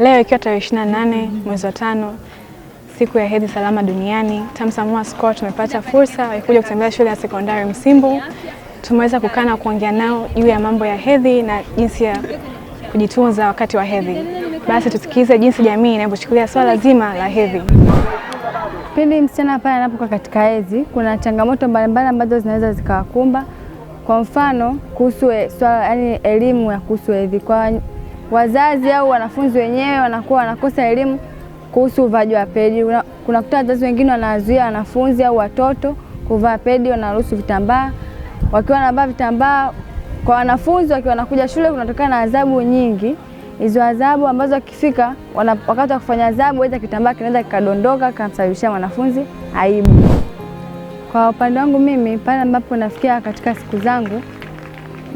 Leo ikiwa tarehe 28 mwezi wa tano, siku ya hedhi salama duniani, TAMSA MUHA tumepata fursa ya kuja kutembelea shule ya sekondari Msimbo. Tumeweza kukaa na kuongea nao juu ya mambo ya hedhi na jinsi ya kujitunza wakati wa hedhi. Basi tusikilize jinsi jamii inavyochukulia swala zima la hedhi. Pindi msichana pale anapokuwa katika hedhi, kuna changamoto mbalimbali ambazo zinaweza zikawakumba, kwa mfano kuhusu e, swala, yani elimu ya kuhusu hedhi kwa wazazi au wanafunzi wenyewe wanakuwa wanakosa elimu kuhusu uvaji wa pedi. Kunakuta wazazi wengine wanawazuia wanafunzi au watoto kuvaa pedi, wanaruhusu vitambaa. Wakiwa wanavaa vitambaa kwa wanafunzi, wakiwa wanakuja shule, kunatokana na adhabu nyingi. Hizo adhabu ambazo wakifika wakati wa kufanya adhabu, aidha kitambaa kinaweza kikadondoka, kamsababishia mwanafunzi aibu. Kwa upande wangu mimi, pale ambapo nafikia katika siku zangu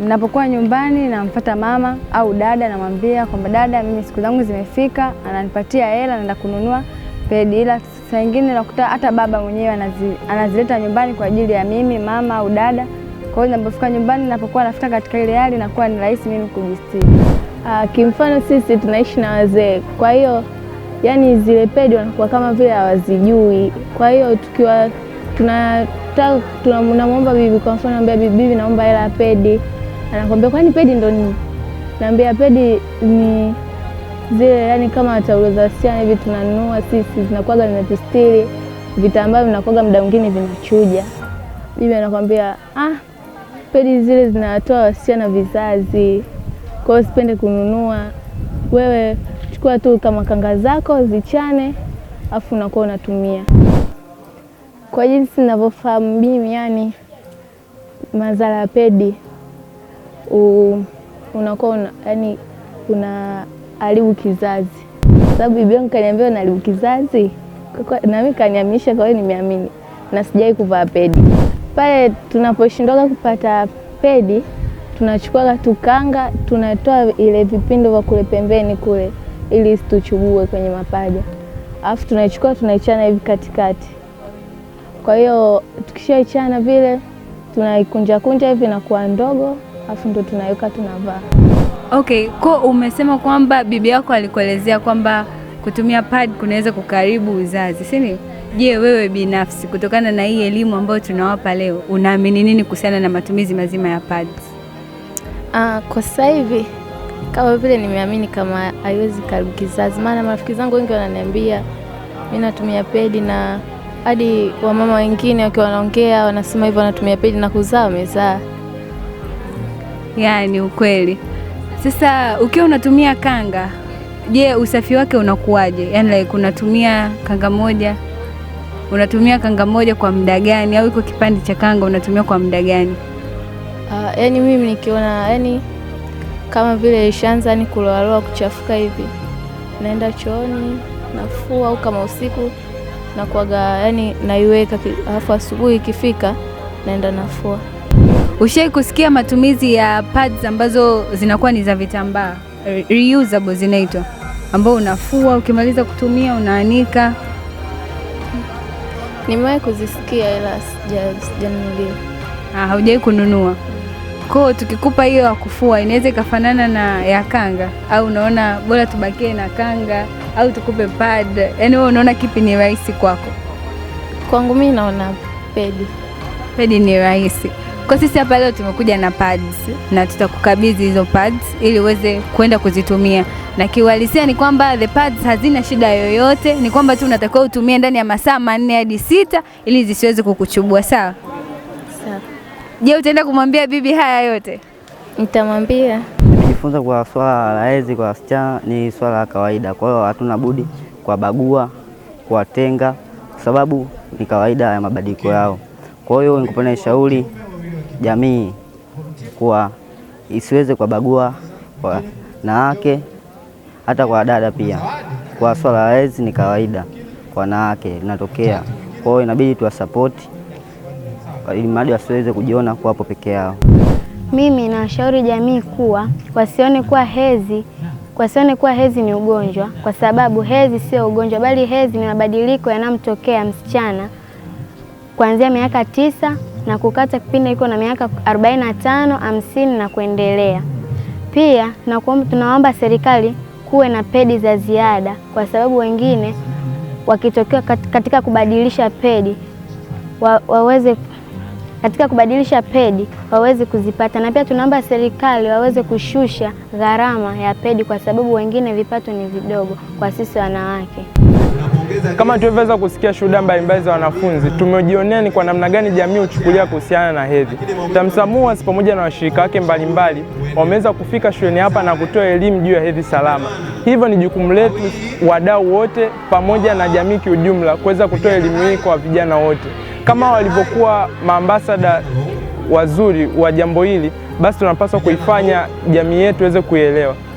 Ninapokuwa nyumbani namfuata mama au dada, namwambia kwamba dada, mimi siku zangu zimefika, ananipatia hela naenda kununua pedi, ila saa nyingine nakuta hata baba mwenyewe anazi, anazileta nyumbani kwa ajili ya mimi, mama au dada. Kwa hiyo ninapofika nyumbani, ninapokuwa nafika katika ile hali, inakuwa ni rahisi mimi kujistiri. Uh, ah, kimfano sisi tunaishi na wazee, kwa hiyo yani zile pedi wanakuwa kama vile hawazijui. Kwa hiyo tukiwa tunamwomba tuna, tuna, bibi kwa mfano, ambia bibi, bibi naomba hela ya pedi anakwambia kwani pedi ndo nini? Naambia pedi ni zile yani kama taulo za wasichana hivi tunanunua sisi, zinakuwaga zinatustiri, vitambaa vinakuwaga muda mwingine vinachuja. Bibi anakwambia ah, pedi zile zinatoa wasichana vizazi, kwa hiyo sipende kununua. Wewe chukua tu kama kanga zako zichane, afu unakuwa unatumia. Kwa jinsi ninavyofahamu mimi, yani madhara ya pedi unakuwa una, yani unaharibu kizazi, sababu bibi yangu kaniambia unaharibu kizazi, na mimi kaniamisha, kwa hiyo nimeamini na sijai kuvaa pedi. Pale tunaposhindoka kupata pedi, tunachukua tukanga, tunatoa ile vipindo vya kule pembeni kule, ili situchubue kwenye mapaja, alafu tunaichukua tunaichana hivi katikati. Kwa hiyo tukishaichana vile tunaikunjakunja hivi na kuwa ndogo afu ndo tunaweka tunavaa. Okay, ko umesema kwamba bibi yako alikuelezea kwamba kutumia pad kunaweza kukaribu uzazi, si ndio? Je, wewe binafsi kutokana na hii elimu ambayo tunawapa leo unaamini nini kuhusiana na matumizi mazima ya pads? Ah, kwa sasa hivi kama vile nimeamini kama haiwezi karibu kizazi, maana marafiki zangu wengi wananiambia mimi natumia pedi, na hadi wamama wengine wakiwa wanaongea wanasema hivyo, wanatumia pedi na kuzaa wamezaa. Yani ukweli. Sasa ukiwa unatumia kanga, je, usafi wake unakuwaje? Yani like unatumia kanga moja, unatumia kanga moja kwa muda gani? Au iko kipande cha kanga unatumia kwa muda gani? Uh, ah, yani mimi nikiona yani kama vile ishaanza ni yaani kuloaloa kuchafuka hivi, naenda chooni nafua, au kama usiku nakuaga yani naiweka, alafu asubuhi ikifika naenda nafua. Ushawahi kusikia matumizi ya pads ambazo zinakuwa ni za vitambaa reusable zinaitwa, ambao unafua ukimaliza kutumia unaanika? Nimewahi kuzisikia ila sijanunulia. Ah, haujawahi kununua? Kwa tukikupa hiyo ya kufua inaweza ikafanana na ya kanga, au unaona bora tubakie na kanga au tukupe pad? Yaani wewe unaona kipi ni rahisi kwako? Kwangu mimi naona pedi. Pedi ni rahisi. Kwa sisi hapa leo tumekuja na pads na tutakukabidhi hizo pads ili uweze kwenda kuzitumia, na kiuhalisia ni kwamba the pads hazina shida yoyote, ni kwamba tu unatakiwa utumie ndani ya masaa manne hadi sita ili zisiweze kukuchubua. Sawa sawa. Je, utaenda kumwambia bibi haya yote? Nitamwambia. Nimejifunza kwa swala la hedhi kwa wasichana ni swala la kawaida, kwa hiyo hatuna budi kuwabagua, kuwatenga, kwa sababu ni kawaida ya mabadiliko yao. Kwa hiyo nikupenda shauri jamii kuwa isiweze kuwabagua wanawake hata kwa dada pia, kwa swala la hedhi ni kawaida kwa wanawake linatokea. Kwa hiyo inabidi tuwasapoti ili mradi wasiweze kujiona kuwa hapo peke yao. Mimi nawashauri jamii kuwa wasione kuwa hedhi wasione kuwa hedhi ni ugonjwa, kwa sababu hedhi sio ugonjwa, bali hedhi ni mabadiliko yanamtokea msichana kuanzia miaka tisa na kukata kipindi iko na miaka 45, 50 na kuendelea. Pia na tunaomba serikali kuwe na pedi za ziada, kwa sababu wengine wakitokea katika kubadilisha pedi wa, waweze katika kubadilisha pedi waweze kuzipata, na pia tunaomba serikali waweze kushusha gharama ya pedi, kwa sababu wengine vipato ni vidogo kwa sisi wanawake. Kama tulivyoweza kusikia shuhuda mbalimbali za wanafunzi, tumejionea ni kwa namna gani jamii huchukulia kuhusiana na hedhi. TAMSA pamoja na washirika wake mbalimbali wameweza kufika shuleni hapa na kutoa elimu juu ya hedhi salama. Hivyo ni jukumu letu wadau wote pamoja na jamii kiujumla kuweza kutoa elimu hii kwa vijana wote, kama walivyokuwa maambasada wazuri wa jambo hili, basi tunapaswa kuifanya jamii yetu iweze kuielewa.